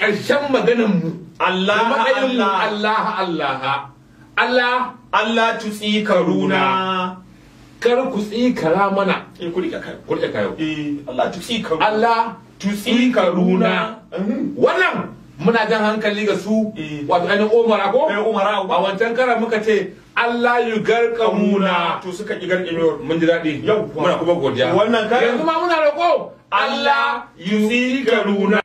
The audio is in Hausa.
ƙarshen maganan mu Allah Allah Allah Allah Allah Allah tu tsikaruna kar ku tsikara mana in eh, ku rika kayo ku rika kayo eh Allah tu tsikaruna Allah tu tsikaruna eh. wannan muna jan hankali ga su eh. wato ainihin umara ko eh umara ba wancan kara muka ce Allah yi garkamuna to suka ki garke mu mun ji daɗi yau muna kuma godiya wannan kare yanzu ma muna roƙo Allah yi tsikaruna